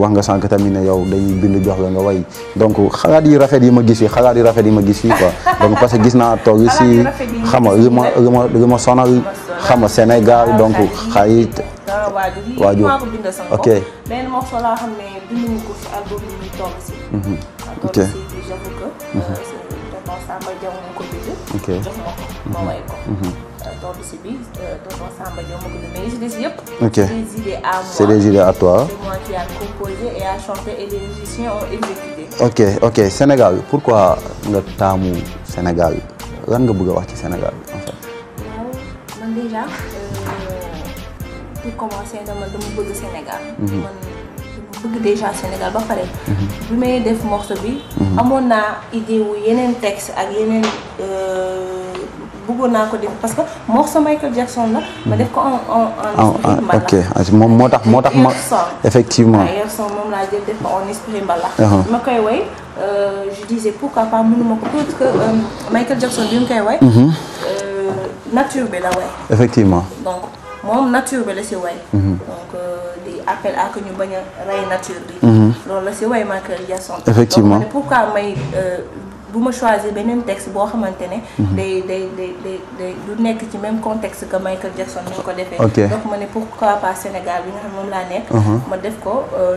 wax nga sànq tamit ne yow dañuy bind jox la nga way donc xalaat yi rafet yi ma gis yi xalaat yi rafet yi ma gis yi quoi donc parce que gis naa toog si xam ma sonal xam nga Sénégal donc xarit ah, waajur ok mhm. ok C'est euh, à c'est les idées à toi. moi qui a composé et a chanté et les musiciens ont ok ok Sénégal pourquoi le tamou Sénégal Sénégal en fait. déjà euh, pour commencer Sénégal. Mhm. déjà Sénégal mhm. mhm. texte euh, parce que morceau Michael Jackson la. ma def en en en. Ah, ah, ok ah, effectivement uh-huh. euh, je disais pourquoi pas que euh, Michael Jackson mm-hmm. euh, nature effectivement donc moi nature bela c'est mm-hmm. donc di appels à que nous nature mm-hmm. Michael Jackson. effectivement bu ma choisir benen texte bo xamantene ne. Mhm. day day day day du nekk ci même contexte que Michael Jackson ni ko defee. donc mané pourquoi pas Sénégal bi nga xam mom la nek mhm. ma def ko. Euh,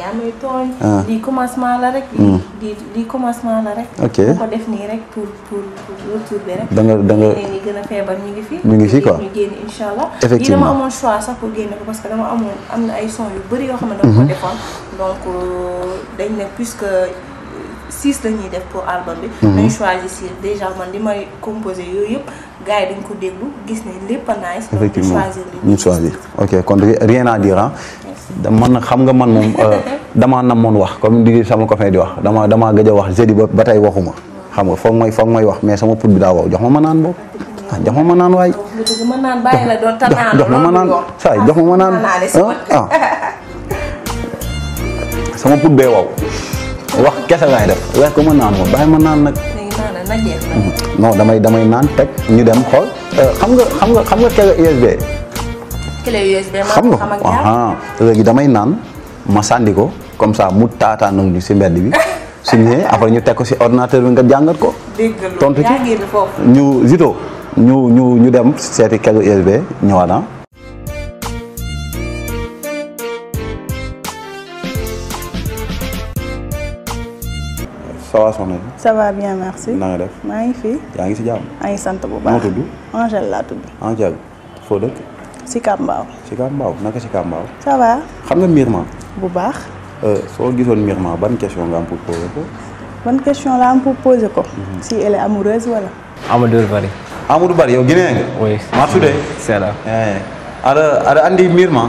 yaa may tooñ. Ah. lii commencement la rek. Mm. lii lii commencement la rek. ok bu ko def nii rek pour pour retour bi rek. da nga da a feebar ñu ngi fi. ñu ngi fi quoi ñu génn incha allah. lii dama amoon choix sax pour génne ko parce que dama amoon am na ay son yu bëri yoo xam ne. dama ko mhm. defoon donc euh, dañ ne puisque. six la ñuy def pour album bi. nañ mhm. choisir li may yooyu yëpp gars dañ ko déglu gis ne lépp a nice. effectivement ñu choisir ok kon rien à dire ah. man na xam nga man moom euh, damaa moon wax comme di sama copain di wax dama damaa gëj a wax jeudi ba ba tey waxuma xam nga foog mooy foog may wax mais sama put bi daa wow jox ma ma naan boobu. ah jox ma ma naan waay. jox ma ma naan la doon tanaan jox ma ma sama put bee wow. wax kese laay def weex ko ma naan ma bàyyi ma naan nag. Hmm. no damay damay naan teg ñu dem xool euh, xam nga xam nga xam nga clé USB. xam nga léegi damay naan ma sànni ko comme ça mu taataan ak ñu si mbedd bi su ñëwee après ñu teg ko si ordinateur bi nga jàngat ko. tontu ci ñu zito ñu ñu dem seeti clé USB ñëwaat ah. ça va soxna ça va bien merci. na nga def maa ngi fi. yaa ngi si jàmm. maa ngi sant bu baax moo tudd. Angèle laa tudd. Angèle foo dëkk. si Kambaaw. si Kambaaw naka si Kambaaw. ça va. xam nga Mirema. bu baax. Euh, soo gisoon Mirema ban question nga am pour poser ko. ban question la am pour poser ko. Mhm. si elle est amoureuse wala. Amadou Bari. Amadou Bari yow Guinéen nga. oui maa tuddee. c'est là. Eh. alors ada andi Mirema.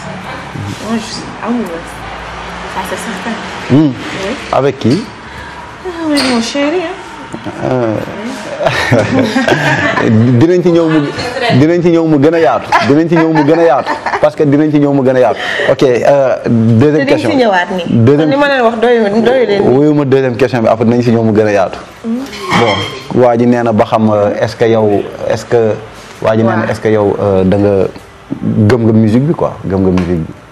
Moi, je suis amoureuse. Ah ah, ça, c'est certain. Mmh. Oui. Avec qui ah, Avec mon chéri. Hein. Euh. dinañ ci ñëw mu dinañ ci ñëw mu gën a yaatu dinañ ci ñëw mu gën a yaatu parce que dinañ ci ñëw mu gën a yaatu ok euh, deuxième question dinañ ci ñëwaat nii deuxième li ma leen wax doy doy leen wuyu ma deuxième question bi après dinañ ci ñëw mu gën a yaatu hmm. bon waa ji nee na ba xam euh, est-ce que yow est-ce que waa ji nee na est-ce que yow da nga gëm nga musique bi quoi gëm nga musique bi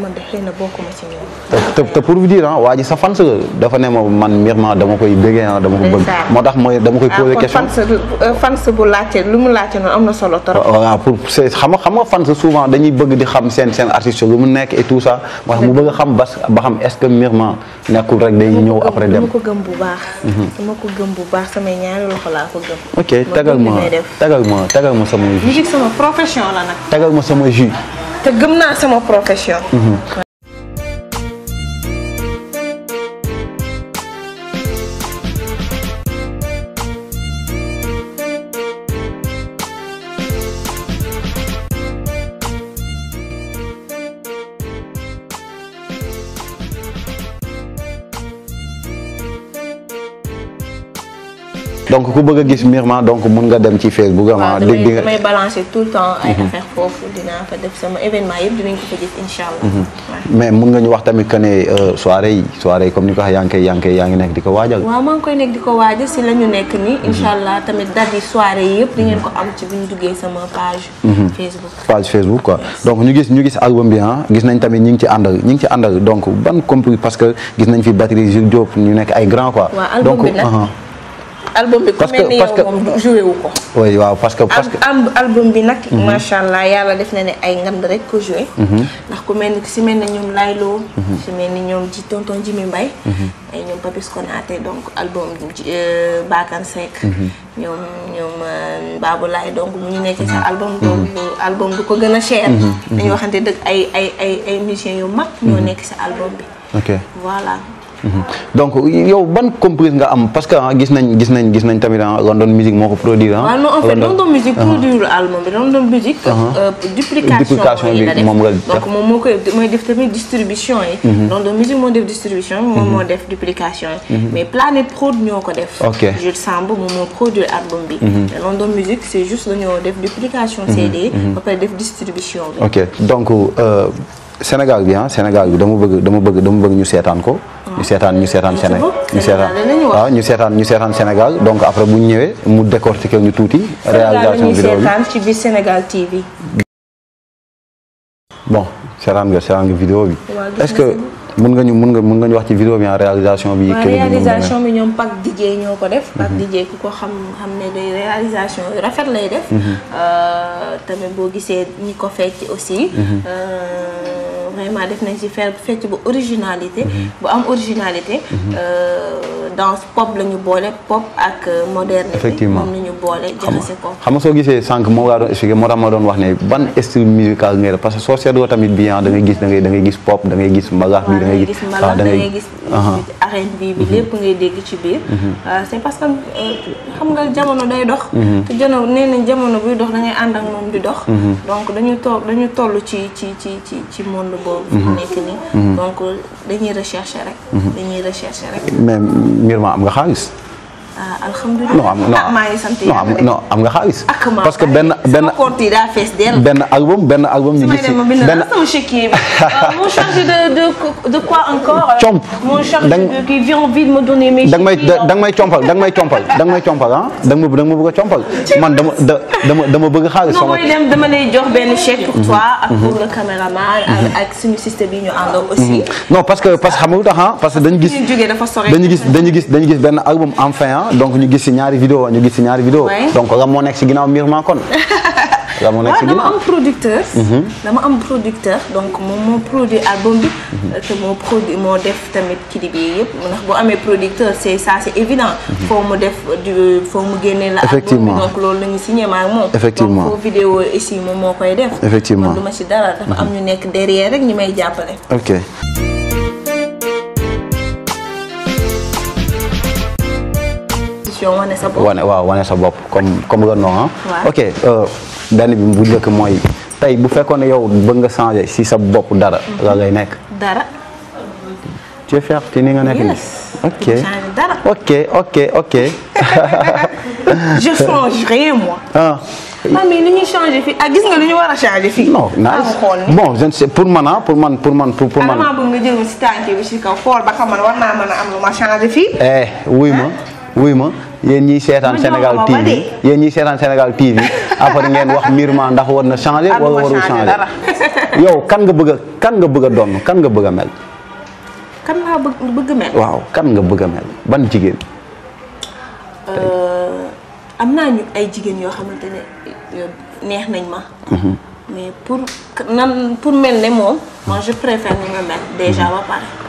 man de xëy na bokkuma ci te pour vous ah, waa ji sa fans dafa ne ma man ma dama koy bëggee ah dama ko bëgg. moo tax mooy dama koy poser ah, question. ah fans bu laajte lu mu laajte noonu am na solo ah, pour c' xam nga xam nga fans souvent dañuy bëgg di xam seen seen artiste lu mu nekk et tout ça. mu bëgg xam bas ba xam est ce que Mirma nekkul rek day ñëw après dem. dama ko gëm bu baax. Mhm. dama ko gëm ma tagal ma tagal ma sama. musique sama ma sama jus. te gëm naa sama profession. Mhm. donc ku bëgg a gis donc vous nga dem ci Facebook. ah di di balancer tout le temps. ay mhm. affaire fofu dina fa def sama événement mhm. mais vous nga wax tamit que euh, soirée comme ni ko Yanké, Yanké, koy di ko koy di ko si la ñu mhm. tamit ko page. Facebook page Facebook quoi donc ñu gis ñu gis album bi ah nañ tamit ñi ngi ci ngi donc ban parce que nañ fi batterie Jules ñu nekk ay grand quoi. donc album bi ku mel ni yow moom joué wu ko. oui waaw parce que parce que. album bi nag. Mhm. macha allah yàlla def na ne ay ngand rek ko joué. Mhm. ndax ku mel ni si mel ni ñoom Laylo. Mhm. si mel ni ñoom ji tonton Jimi Mbaye. ay ñoom Papis Konaté donc album ji euh, Bakane Seck. ñoom ñoom euh, Babou Laye donc ñu nekk sa album. donc album du ko gën a cher. dañoo waxante dëgg ay ay ay ay musiciens yu mag. ñoo nekk sa album bi. ok Mhm. donc yow ban comprise nga am parce que ah, gis nañ gis nañ gis nañ tamit ah, London Music moko produire hein non en fait London Music uh-huh. produire album bi London Music. Uh-huh. Euh, duplication bi nga donc moom moo koy def tamit distribution yi. Mhm. London Music mo def distribution yi. mo mhm. def duplication mais Planet Prod ñoko def. ok le sens moom moo produire album bi. London Music c'est juste juste dañoo def duplication CD. après def distribution bi. ok donc euh, Sénégal bien Sénégal bi dama bëgg dama bëgg dama bëgg ñu sétane ko. ñu seetaan ñu seetaan ah, Sénégal ñu ñu seetaan ñu seetaan Sénégal donc après bu ñu ñëwee mu décortiquer ñu tuuti. réalisation vidéo bi seetaan ci biir Sénégal TV. bon seetaan nga seetaan nga vidéo bi. est-ce que mën nga ñu mën nga mën nga ñu wax ci vidéo bi réalisation bi. kër réalisation bi ñoom Pape Dijé ñoo ko def. Pape mhm. Dijé ku ko xam xam ne day réalisation yu rafet lay def. Mhm. Euh, tamit boo gisee ñi ko ci aussi. Mhm. Euh, vraiment def nañ ci fer fecc bu originalité. Mhm. bu am originalité. Mhm. Euh, dans pop lañu bolé pop ak moderne. effectivement moom la ñu boole jaxase ko. xam nga so gisee sank mo nga doon expliquer mo tax ma doon wax né ban style musical ngay parce que so sédo tamit bien da ngay gis da ngay da ngay gis pop da ngay gis mbalax bi da ngay gis. ah da ngay gis uh-huh. R&B bi mhm. lépp ngay dégg ci biir. Euh, c'est parce que euh, xam nga jamono day dox. te jëno né nañ jamono buy dox da ngay and ak moom di dox. donc dañu tok dañu tollu ci ci ci ci monde boobu. Mhm. nekk nii. Mhm. donc dañuy recherche rek. Mhm. dañuy recherche rek. mais mbir ma am nga xaalis. Ah, non, ah, non, non, non, non am nga non, parce que ben, ben, ben compte ben album je album ah, mon chargé de quoi encore. mon chargé de qui vient me donner mes. dang may may may may dang ma dang ma bëgg man dama dama non chèque pour mhm. toi. ak mhm. pour le caméraman. ak mhm. système bi ñu aussi. non parce que parce que xam nga parce que dañu gis. dañu gis dañu gis dañu album enfin ah donc ñu gis si ñaari vidéo ñu gis si ñaari vidéo donc Rab moo nekk si ginnaaw mbir maa kon Rab moo nekk si ginnaaw dama am producteur mhm. dama am producteur donc moom moo produit album bi mhm. euh, moo produit moo def tamit clip bi yëpp ndax boo amee producteurs c'est ça c'est évident mhm. foo mu def foo mu génnee la album bi donc loolu la ñu signé maa ak moom effectivement foo vidéo ici moom moo koy def effectivement man du si dara dafa am ñu nekk derrière rek ñu may jàppale évolution wane sa bopp. wane waaw wane sa bopp comme comme renoo ah. ok euh, benn bi bu njëkk mooy tey bu fekkoon ne yow bëgg nga changer si sa bopp dara. Mhm. la lay nekk. dara. tu es fier ci ni nga nekk nii. ok dara. ok ok ok. je change rien moi. ah. mami ni ñuy changer fii ah gis nga lu ñu war a changer fii. non nice ah, bon je ne sais pour man ah pour man pour man pour ah, man. vraiment bëgg nga jël si tànk bi si kaw xool ba xam man war naa mën a am lu ma changer fii. eh wuy ma ah. wuy ma. yéen ñi seetaan Sénégal TV yéen ñiy seetaan Sénégal TV après ngeen wax mûrement ndax war na changer wala warul changer yow kan nga bëgg kan nga bëgg a doon kan bëgg a mel. nga bëgg ban jigéen. Euh, am naa ñu ay jigéen yoo xamante euh, neex nañ ma. Mhm. pour mel ne moom. moi je préfère ni nga mel déjà ba pare.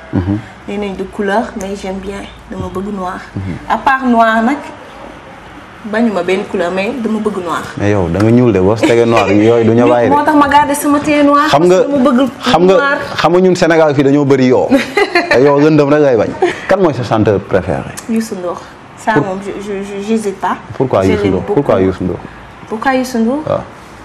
y mhm. de couleur mais j'aime bien dama noir. Mhm. à part noir je ma couleur mais dama bëgg noir. mais yow da nga ñuul de noir. noir yooyu du ñu bàyyi de. moo tax noir. noir noir. xam nga xam nga xam nga ñun Sénégal de noir bëri yo, yo, bañ. kan noir sa chanteur préféré. Youssou Ndour je je pas. pourquoi Youssou Ndour pourquoi Youssou Ndour. pourquoi ah. Youssou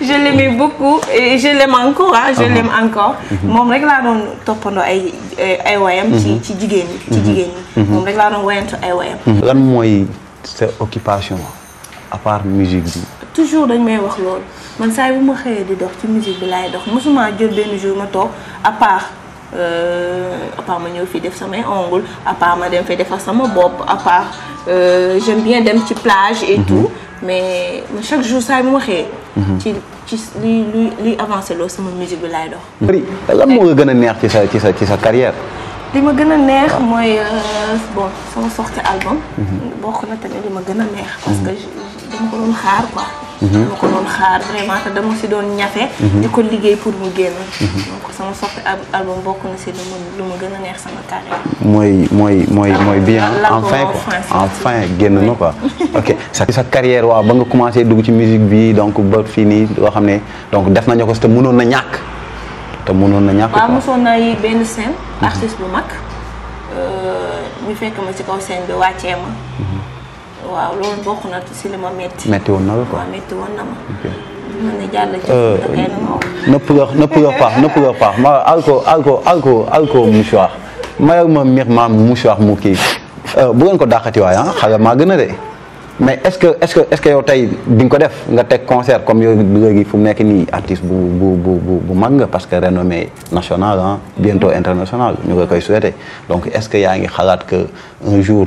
je l'aimais beaucoup et je l'aime encore je ah l'aime encore. moom rek la don topando ay ay wayam. ci ci jigen ci jigen ñi. moom rek laa doon wayantu ay wayam. Mhm. Mhm. Mhm. lan moy sa occupation à part musique bi. toujours dañ may wax lool man say bu ma xëyee di dox ci musique bi lay dox mosuma jël ben jour ma tok à part. Euh, à part ma ñeu fi def sama ongles à part ma dem fi defar sama bop à part euh, j'aime bien dem ci plage et tout mais chaque jour ça yi mu waxee. ci ci lui lui luy là c'est mon musique de laay dox. bëri lan moo nga gën a neex ci sa ci sa ci sa carrière. li ma gën a neex ah. mooy euh, bon sama sorti album. Mhm. bon na tamit li ma gën a neex. parce que mhm. dama ko doon xaar quoi. dama mm-hmm. ko doon xaar vraiment te dama si don ñafe mm-hmm. di ko liggéey pour mu génn mm-hmm. donc sama soppi album bokk na si lu ma lu ma gën a neex sama carrière mooy mooy mooy ah, mooy bien enfin quoi enfin génn na quoi ok sa sa carrière waaw ba nga commencé dugg ci musique bi donc ba fini nii loo xam ne donc def nañu ko te mënoon na ñàkk te mënoon na ñàkk waaw mosoon naa yi benn scène artiste bu mag euh, ñu fekk ma ci kaw scène bi wàccee ma waaw loolu na si li ma métti. métti woon na la quoi waaw métti ma. ma ne jàll ci ne pleure ne ma alcool ma miir maam mouchoir mu kii euh, bu ko daaxati waay ah xale maa gën de mais est-ce que est-ce yow tey di ko def nga teg concert comme yow léegi fu mu nekk nii artiste bu bu mag nga parce que renommée nationale ah bientôt internationale ñu ngi koy souhaité donc est-ce que yaa ngi xalaat que un jour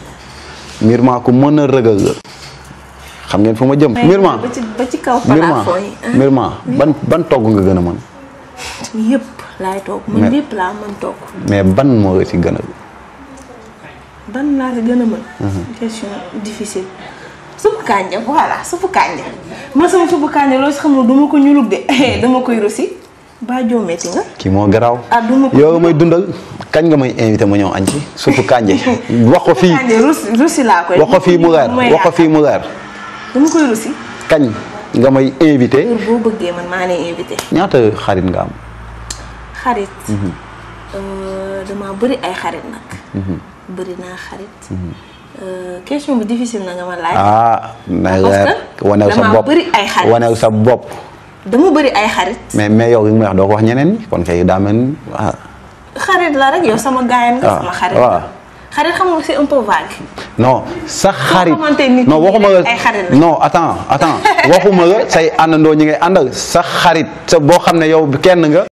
Mirma ku mën a rëgal la xam ngeen fu ma jëm. Mirma ba ci ba ci kaw palaafoo yi ah. Mirma ban ban togg nga gën a mën. yëpp laay togg. man yëpp laa mën togg. mais ban moo la ci gën a. ban laa ci gën a mën. Mhm. question difficile. supp kànja voilà supp kànja man sama supp kànja loo xamul duma ko ñulug de mhm. dama koy rosi baa joo métti nga. kii moo garaaw. ah du ma yow may dundal kañ nga may invité ma ñëw añ ci surtout Kanje. wax fii wax ko fii mu leer wax ko fii mu leer. dama koy russi. kañ nga may invité. boo bëggee man maa ne invité. ñaata xarit nga am. xarit. Mhm. Euh, dama bëri ay xarit nag. Mhm. bëri naa xarit. Mhm. Euh, question bi ah, sa bopp sa bopp. dama bëri ay xarit. mais mais yow li mu doo wax ñeneen ñi daa mel ni waaw. xarit la rek yow sama gaayam nga ah, sama xarit waaw xarit xam nga c'est un vague. non sa xarit non waxuma la non attends attends waxuma la say àndandoo ñi ngay àndal sa xarit sa boo xam ne yow kenn nga.